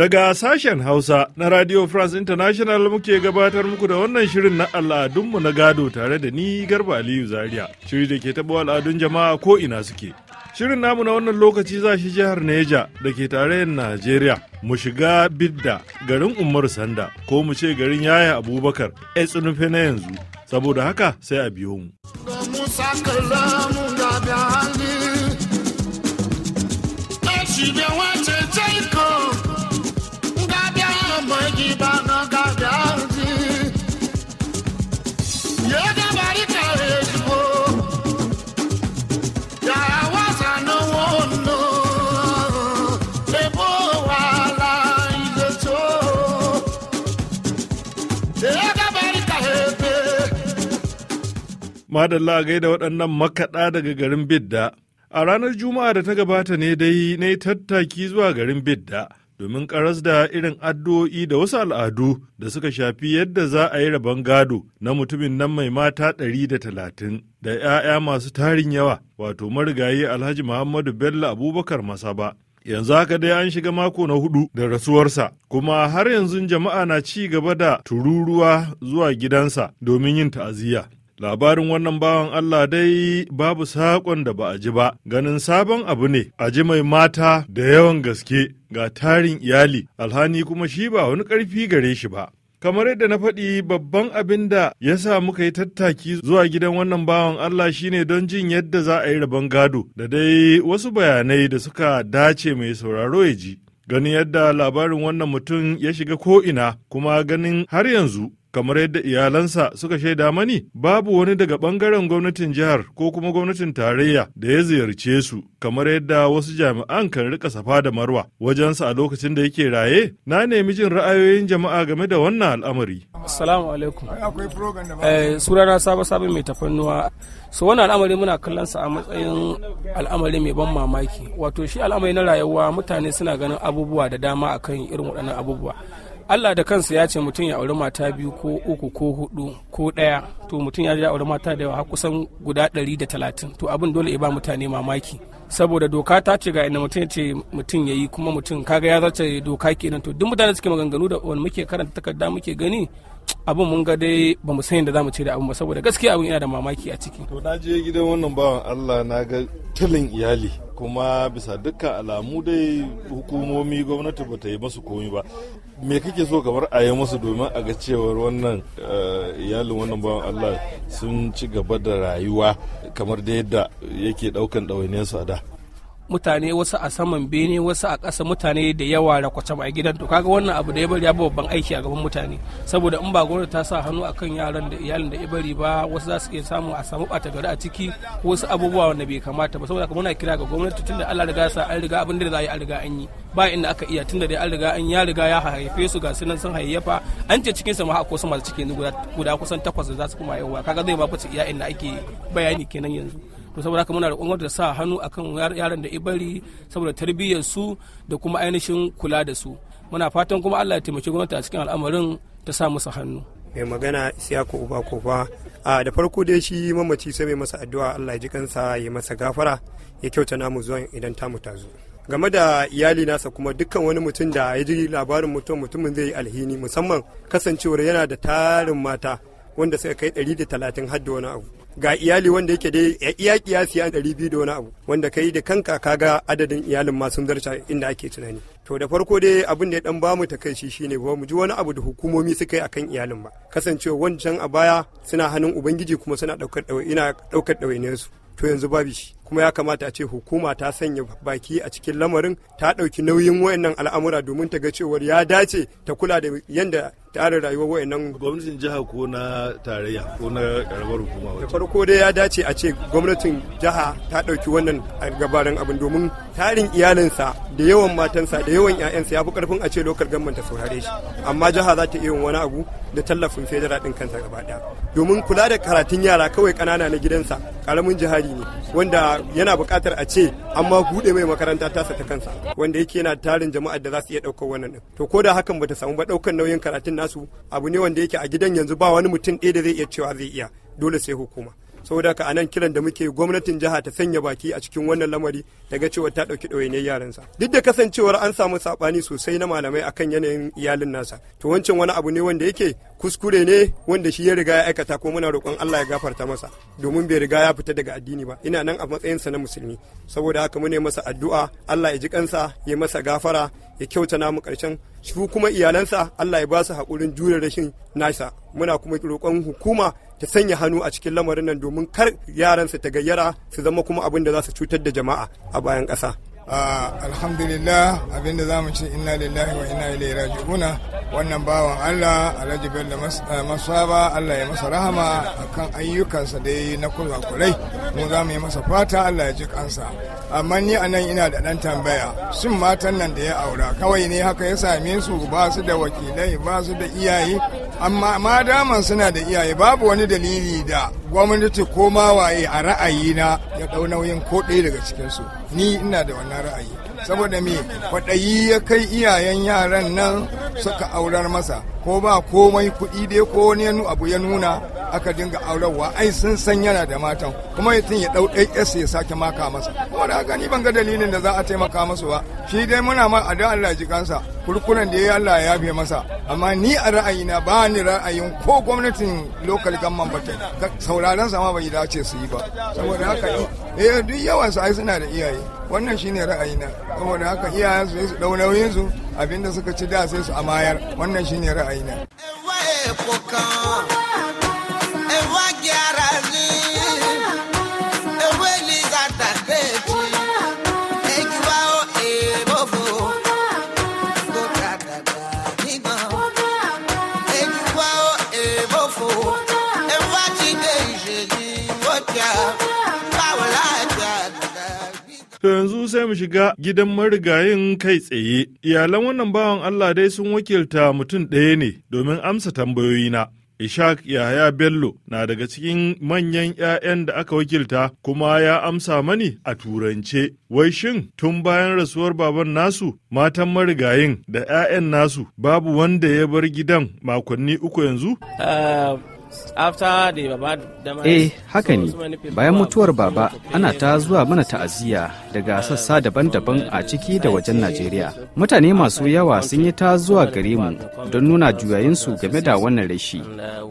Daga sashen Hausa na Radio France International muke gabatar muku da wannan shirin na al'adunmu na gado tare da ni Garba Aliyu Zaria. Shiri da ke taɓa al'adun jama'a ko ina suke. Shirin namu na wannan lokaci za shi jihar Neja da ke tare da Najeriya. Mu shiga Bidda garin Umar Sanda ko mu ce garin Yaya Abubakar ya na yanzu. Saboda haka sai a biyo mu. Musa Madalla gaida waɗannan makaɗa daga garin Bidda. A ranar Juma'a da ta gabata ne dai na yi tattaki zuwa garin Bidda domin karas da irin addu'o'i da wasu al'adu da suka shafi yadda za a yi rabon gado na mutumin nan mai mata ɗari da talatin da 'ya'ya masu tarin yawa wato marigayi Alhaji Muhammadu Bello Abubakar Masaba. yanzu haka dai an shiga mako na hudu da rasuwarsa kuma har yanzu jama'a na ci gaba da tururuwa zuwa gidansa domin yin ta'aziyya Labarin wannan bawan Allah dai babu saƙon da ba a ji ba, ganin sabon abu ne, a ji mai mata da yawan gaske ga tarin iyali, alhani kuma shi ba wani ƙarfi gare shi ba. kamar yadda na faɗi babban abin da ya sa muka yi tattaki zuwa gidan wannan bawan Allah shine don jin yadda za a yi rabon gado da dai wasu bayanai da suka dace mai sauraro ya ji. Ganin yadda labarin wannan mutum ya shiga ko'ina kuma ganin har yanzu kamar yadda iyalansa suka shaida mani babu wani daga bangaren gwamnatin jihar ko kuma gwamnatin tarayya da ya ziyarce su kamar yadda wasu jami'an kan rika safa da marwa wajensa a lokacin da yake raye na nemi jin ra'ayoyin jama'a game da wannan al'amari assalamu alaikum eh surana sabo sabo mai tafannuwa so wannan al'amari muna kallon sa a matsayin al'amari mai ban mamaki wato shi al'amari na rayuwa mutane suna ganin abubuwa da dama akan irin waɗannan abubuwa Allah da kansa ya ce mutum ya auri mata biyu ko uku ko hudu ko daya to mutum ya auri mata da yawa kusan guda ɗari da talatin to abin dole ya ba mutane mamaki saboda doka ta ce ga inda mutum ya ce mutum ya yi kuma mutum kaga ya zace doka kenan to duk mutane suke maganganu da wani muke karanta takarda muke gani abin mun ga dai ba mu san yadda za mu ce da abin ba saboda gaskiya abin yana da mamaki a ciki. To na je gidan wannan bawan Allah na ga tilin iyali kuma bisa dukkan alamu dai hukumomi gwamnati ba ta yi masu komi ba. Me kake so kamar a yi masu domin a ga cewar wannan eh, iyalin wannan bawan Allah sun ci gaba da rayuwa kamar da yadda yake daukan ɗawainiyarsu a da. mutane wasu a saman bene wasu a ƙasa mutane da yawa kwace a gidan to kaga wannan abu da ya bari ya bi babban aiki a gaban mutane saboda in ba gwamnati ta sa hannu akan yaran da iyalin da ya bari ba wasu za su iya samu a samu ɓata gari a ciki ko wasu abubuwa wanda bai kamata ba saboda kuma muna kira ga gwamnati tunda Allah riga sa an riga abin da za a yi an riga an yi ba inda aka iya tunda dai an riga an ya riga ya haife su ga sunan sun hayyafa an ce cikin su ma akwai su masu cikin guda kusan takwas da za su kuma yawa kaga zai ba fice iya inda ake bayani kenan yanzu to saboda haka muna da gwamnati da sa hannu akan yaran da ibari saboda tarbiyyar su da kuma ainihin kula da su muna fatan kuma Allah ya taimaki gwamnati a cikin al'amarin ta sa musu hannu mai magana ko uba kofa a da farko dai shi mamaci sai mai masa addu'a Allah ya ji kansa ya masa gafara ya kyauta namu zuwa idan tamu ta zo game da iyali nasa kuma dukkan wani mutum da ya ji labarin mutum mutumin zai yi alhini musamman kasancewar yana da tarin mata wanda suka kai 130 har da wani abu ga iyali wanda yake dai ya iya kiyasi a ɗari biyu da wani abu wanda ka yi da kanka ka ga adadin iyalin ma sun zarta inda ake tunani to da farko dai abin da ya dan bamu shi shine ba mu ji wani abu da hukumomi suka yi akan iyalin ba kasancewa wancan a baya suna hannun ubangiji kuma suna ɗaukar ne su to yanzu babu shi kuma ya kamata a ce hukuma ta sanya baki a cikin lamarin ta ɗauki nauyin wayannan al'amura domin ta ga cewar ya dace ta kula da yadda tsarin rayuwar wayannan gwamnatin jiha ko na tarayya ko na karamar hukuma da farko dai ya dace a ce gwamnatin jiha ta ɗauki wannan gabaran abin domin tarin iyalinsa da yawan matansa da yawan 'ya'yansa ya fi karfin a ce lokal gamban ta saurare shi amma jiha za ta iya wani abu da tallafin federal ɗin kansa gaba ɗaya domin kula da karatun yara kawai ƙanana na gidansa ƙaramin jihari ne wanda yana buƙatar a ce amma buɗe mai makaranta tasa ta kansa wanda yake yana tarin jama'a da za su iya ɗaukar wannan ɗin to ko da hakan bata samu ba ɗaukar nauyin karatun nasu abu ne wanda yake a gidan yanzu ba wani mutum ɗaya da zai iya cewa zai iya dole sai hukuma saboda ka anan kiran da muke gwamnatin jiha ta sanya baki a cikin wannan lamari daga cewa ta ɗauki ɗawainiyar yaransa duk da kasancewar an samu saɓani sosai na malamai akan yanayin iyalin nasa to wancan wani abu ne wanda yake kuskure ne wanda shi ya riga ya aikata ko muna roƙon Allah ya gafarta masa domin bai riga ya fita daga addini ba ina nan a matsayinsa na musulmi saboda haka mune masa addu'a Allah ya ji kansa ya masa gafara ya kyauta na mu karshen shi kuma iyalansa Allah ya ba su haƙurin jure rashin nasa muna kuma roƙon hukuma ta sanya hannu a cikin lamarin nan domin kar yaran su ta gayyara su zama kuma abin da za su cutar da jama'a a bayan ƙasa. alhamdulillah abinda za mu ce inna lillahi wa inna ilaihi raji'una wannan bawan Allah Alhaji Bello eh, Masaba Allah ya masa rahama akan ayyukansa da yayi na kurai mu za mu yi masa fata Allah ya ji kansa amma ni anan ina da dan tambaya shin matan nan da ya aura kawai ne haka ya same su ba su da wakilai ba su da iyaye amma ma dama suna da iyaye babu wani dalili da gwamnati ko ma waye a ra'ayina ya ɗau nauyin ko ɗaya daga cikinsu ni ina da wannan ra'ayi saboda me kwaɗayi ya kai iyayen yaran nan suka aurar masa ko ba komai kuɗi dai ko wani abu ya nuna aka dinga aurarwa ai sun san yana da matan kuma mutum ya ɗau ɗai ya sake maka masa kuma da haka ni ban ga dalilin da za a taimaka masu ba shi dai muna ma a da Allah ji kurkunan da ya Allah ya yafe masa amma ni a ra'ayina ba ni ra'ayin ko gwamnatin local government ba ta sauraron sama bai dace su yi ba saboda haka eh duk yawan su ai suna da iyaye wannan shine ra'ayina saboda haka iyayen su su dau nauyin abinda suka ci da sai su amayar wannan shine ra'ayina sai mu shiga gidan marigayin kai tsaye. Iyalan wannan bawan Allah dai sun wakilta mutum ɗaya ne domin amsa tambayoyi na, Ishaq Yahaya Bello na daga cikin manyan 'ya'yan da aka wakilta kuma ya amsa mani a turance. Wai shin tun bayan rasuwar baban nasu matan marigayin da 'ya'yan nasu babu wanda ya bar gidan makonni uku yanzu? Ah, Eh, haka ne, bayan mutuwar baba ana ta zuwa mana ta'aziyya daga sassa daban-daban a ciki da wajen Najeriya. Mutane masu yawa sun yi ta zuwa gare mu don nuna juyayinsu game da wannan rashi.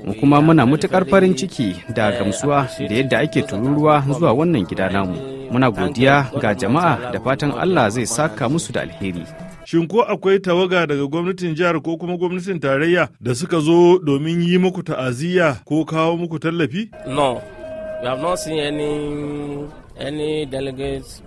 Mu kuma muna matukar farin ciki da gamsuwa da yadda ake tururuwa zuwa wannan gida namu. Muna godiya ga jama'a da fatan Allah zai saka musu da alheri. Shin ko akwai tawaga daga gwamnatin jihar ko kuma gwamnatin tarayya da suka zo domin yi muku ta'aziyya ko kawo muku tallafi? No. We not seen any any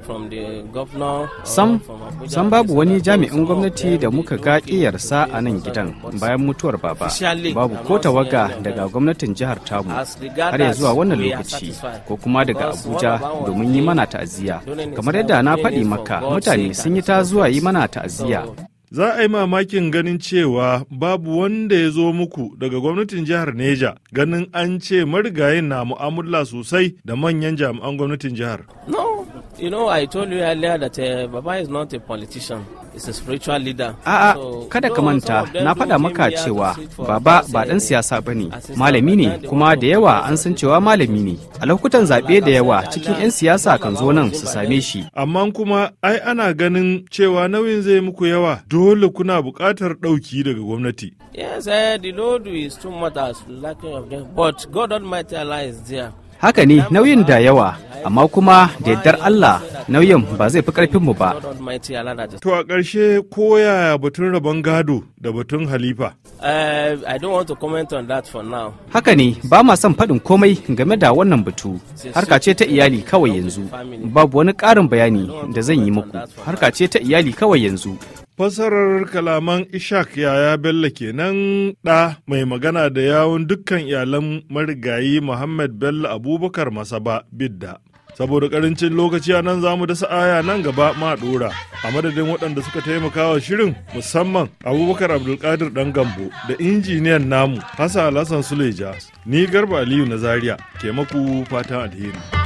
from the governor sam sam babu wani jami'in gwamnati da muka ga ƙiyarsa a nan gidan bayan mutuwar baba babu ko tawaga daga gwamnatin jihar tamu har ya zuwa wannan lokaci ko kuma daga abuja domin yi mana ta'aziyya kamar yadda na faɗi maka mutane sun yi ta zuwa yi mana ta'aziyya za a yi mamakin ganin cewa babu wanda ya zo muku daga gwamnatin jihar Neja ganin an ce marigayin na mu'amala sosai da manyan jami'an gwamnatin jihar. No, you know I told you earlier that uh, Baba is not a politician. is a spiritual leader. A'a, kada ka manta, na faɗa maka cewa baba ba ɗan siyasa ba ne, malami ne, kuma da yawa an san cewa malami ne. A lokutan zaɓe da yawa cikin 'yan siyasa kan zo nan su same shi. Amma kuma ai ana ganin cewa nauyin zai muku yawa, dole kuna buƙatar ɗauki daga gwamnati. Yes, eh, the load is too much as lacking of them, but God Almighty Allah is there. Haka ne, nauyin da yawa, amma kuma da yardar Allah nauyin ba zai fi ƙarfinmu ba. To a ƙarshe koya batun rabon gado da batun halifa. Eh, Haka ne ba ma son faɗin komai game da wannan batu harka ce ta iyali kawai yanzu babu wani ƙarin bayani da zan yi muku harka ce ta iyali kawai yanzu. Fasarar kalaman Ishak yaya Bello kenan ɗa mai magana da yawun dukkan iyalan marigayi Muhammad Bello Abubakar Masaba Bidda. saboda karancin lokaci a nan zamu da sa'aya nan gaba ma dora a madadin waɗanda suka taimaka wa shirin musamman abubakar abdulkadir dan gambo da injiniyan namu hassan alhassan suleja ni garba aliyu na zaria ke maku fatan alheri